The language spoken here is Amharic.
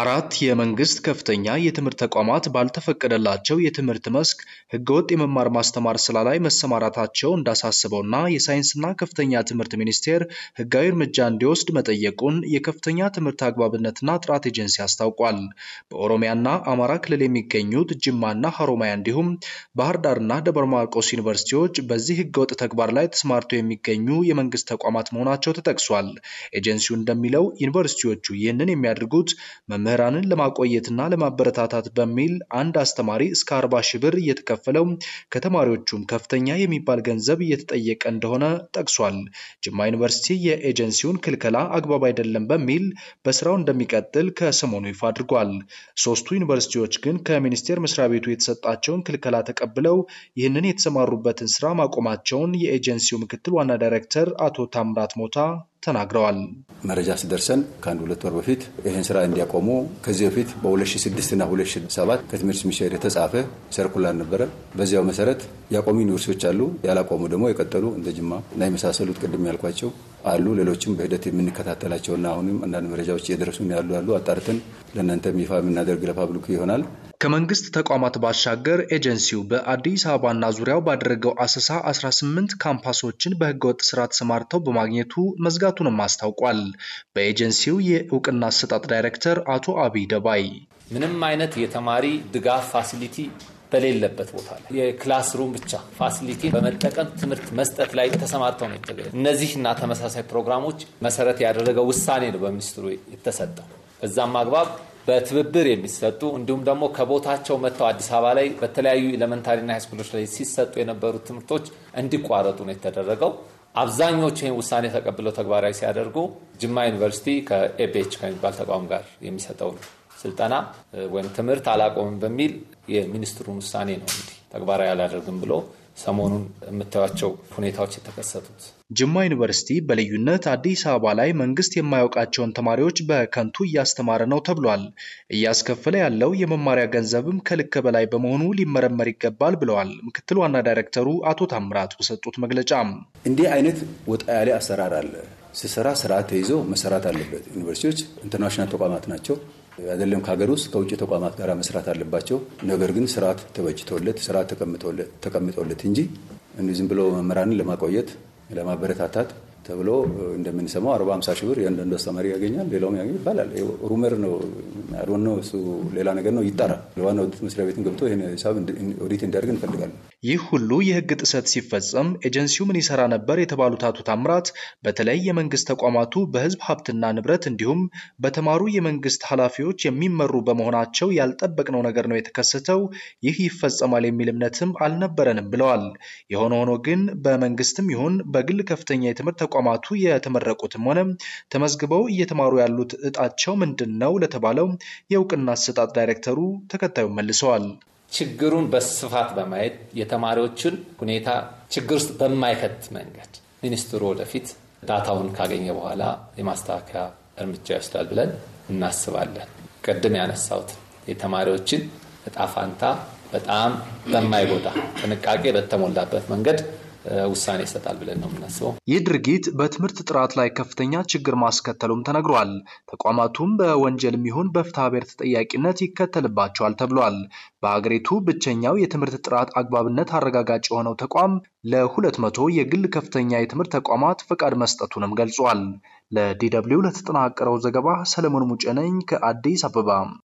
አራት የመንግስት ከፍተኛ የትምህርት ተቋማት ባልተፈቀደላቸው የትምህርት መስክ ህገወጥ የመማር ማስተማር ስራ ላይ መሰማራታቸው እንዳሳስበውና የሳይንስና ከፍተኛ ትምህርት ሚኒስቴር ህጋዊ እርምጃ እንዲወስድ መጠየቁን የከፍተኛ ትምህርት አግባብነትና ጥራት ኤጀንሲ አስታውቋል። በኦሮሚያና አማራ ክልል የሚገኙት ጅማና ሀሮማያ እንዲሁም ባህር ዳርና ደብረ ማርቆስ ዩኒቨርሲቲዎች በዚህ ህገወጥ ተግባር ላይ ተሰማርተው የሚገኙ የመንግስት ተቋማት መሆናቸው ተጠቅሷል። ኤጀንሲው እንደሚለው ዩኒቨርሲቲዎቹ ይህንን የሚያደርጉት መምህራንን ለማቆየትና ለማበረታታት በሚል አንድ አስተማሪ እስከ 40 ሺህ ብር እየተከፈለው ከተማሪዎቹም ከፍተኛ የሚባል ገንዘብ እየተጠየቀ እንደሆነ ጠቅሷል። ጅማ ዩኒቨርሲቲ የኤጀንሲውን ክልከላ አግባብ አይደለም በሚል በስራው እንደሚቀጥል ከሰሞኑ ይፋ አድርጓል። ሶስቱ ዩኒቨርሲቲዎች ግን ከሚኒስቴር መስሪያ ቤቱ የተሰጣቸውን ክልከላ ተቀብለው ይህንን የተሰማሩበትን ስራ ማቆማቸውን የኤጀንሲው ምክትል ዋና ዳይሬክተር አቶ ታምራት ሞታ ተናግረዋል። መረጃ ሲደርሰን ከአንድ ሁለት ወር በፊት ይህን ስራ እንዲያቆሙ ከዚህ በፊት በ2006 እና 2007 ከትምህርት ሚኒስቴር የተጻፈ ሰርኩላር ነበረ። በዚያው መሰረት ያቆሙ ዩኒቨርሲቲዎች አሉ፣ ያላቆሙ ደግሞ የቀጠሉ እንደ ጅማ እና የመሳሰሉት ቅድም ያልኳቸው አሉ። ሌሎችም በሂደት የምንከታተላቸውና አሁንም አንዳንድ መረጃዎች እየደረሱን ያሉ አሉ። አጣርተን ለእናንተ ይፋ የምናደርግ ለፓብሊኩ ይሆናል። ከመንግስት ተቋማት ባሻገር ኤጀንሲው በአዲስ አበባና ዙሪያው ባደረገው አሰሳ 18 ካምፓሶችን በህገወጥ ስራ ተሰማርተው በማግኘቱ መዝጋቱንም አስታውቋል። በኤጀንሲው የእውቅና አሰጣጥ ዳይሬክተር አቶ አብይ ደባይ ምንም አይነት የተማሪ ድጋፍ ፋሲሊቲ በሌለበት ቦታ ላይ የክላስሩም ብቻ ፋሲሊቲ በመጠቀም ትምህርት መስጠት ላይ ተሰማርተው ነው የተገኘ። እነዚህ እና ተመሳሳይ ፕሮግራሞች መሰረት ያደረገ ውሳኔ ነው በሚኒስትሩ የተሰጠው። በዛም አግባብ በትብብር የሚሰጡ እንዲሁም ደግሞ ከቦታቸው መጥተው አዲስ አበባ ላይ በተለያዩ ኤሌመንታሪና ሃይስኩሎች ላይ ሲሰጡ የነበሩ ትምህርቶች እንዲቋረጡ ነው የተደረገው። አብዛኞቹ ይህን ውሳኔ ተቀብለው ተግባራዊ ሲያደርጉ ጅማ ዩኒቨርሲቲ ከኤቤች ከሚባል ተቋም ጋር የሚሰጠውን ስልጠና ወይም ትምህርት አላቆምም በሚል የሚኒስትሩን ውሳኔ ነው እንግዲህ ተግባራዊ አላደርግም ብሎ ሰሞኑን የምታያቸው ሁኔታዎች የተከሰቱት። ጅማ ዩኒቨርሲቲ በልዩነት አዲስ አበባ ላይ መንግስት የማያውቃቸውን ተማሪዎች በከንቱ እያስተማረ ነው ተብሏል። እያስከፈለ ያለው የመማሪያ ገንዘብም ከልክ በላይ በመሆኑ ሊመረመር ይገባል ብለዋል ምክትል ዋና ዳይሬክተሩ አቶ ታምራት በሰጡት መግለጫ። እንዲህ አይነት ወጣ ያለ አሰራር አለ። ስሰራ ስርዓት ተይዞ መሰራት አለበት። ዩኒቨርሲቲዎች ኢንተርናሽናል ተቋማት ናቸው። አይደለም ከሀገር ውስጥ ከውጭ ተቋማት ጋር መስራት አለባቸው። ነገር ግን ስርዓት ተበጅቶለት ስርዓት ተቀምጦለት እንጂ እንዲህ ዝም ብሎ መምህራንን ለማቆየት ለማበረታታት ተብሎ እንደምንሰማው አርባ ሃምሳ ሺህ ብር የአንዳንዱ አስተማሪ ያገኛል፣ ሌላውም ያገኝ ይባላል። ሩመር ነው ነው እሱ ሌላ ነገር ነው ይጣራል። ዋና ኦዲት መስሪያ ቤትን ገብቶ ይህን ሂሳብ ኦዲት እንዲያደርግ እንፈልጋለን። ይህ ሁሉ የህግ ጥሰት ሲፈጸም ኤጀንሲው ምን ይሰራ ነበር የተባሉት አቶ ታምራት በተለይ የመንግስት ተቋማቱ በህዝብ ሀብትና ንብረት እንዲሁም በተማሩ የመንግስት ኃላፊዎች የሚመሩ በመሆናቸው ያልጠበቅነው ነገር ነው የተከሰተው። ይህ ይፈጸማል የሚል እምነትም አልነበረንም ብለዋል። የሆነ ሆኖ ግን በመንግስትም ይሁን በግል ከፍተኛ የትምህርት ተቋ ተቋማቱ የተመረቁትም ሆነ ተመዝግበው እየተማሩ ያሉት እጣቸው ምንድን ነው ለተባለው የእውቅና አሰጣጥ ዳይሬክተሩ ተከታዩን መልሰዋል። ችግሩን በስፋት በማየት የተማሪዎችን ሁኔታ ችግር ውስጥ በማይከት መንገድ ሚኒስትሩ ወደፊት ዳታውን ካገኘ በኋላ የማስተካከያ እርምጃ ይወስዳል ብለን እናስባለን። ቅድም ያነሳሁት የተማሪዎችን እጣ ፋንታ በጣም በማይጎዳ ጥንቃቄ በተሞላበት መንገድ ውሳኔ ይሰጣል ብለን ነው የምናስበው። ይህ ድርጊት በትምህርት ጥራት ላይ ከፍተኛ ችግር ማስከተሉም ተነግሯል። ተቋማቱም በወንጀል የሚሆን በፍትሐ ብሔር ተጠያቂነት ይከተልባቸዋል ተብሏል። በሀገሪቱ ብቸኛው የትምህርት ጥራት አግባብነት አረጋጋጭ የሆነው ተቋም ለሁለት መቶ የግል ከፍተኛ የትምህርት ተቋማት ፈቃድ መስጠቱንም ገልጿል። ለዲ ለተጠናቀረው ዘገባ ሰለሞን ሙጨነኝ ከአዲስ አበባ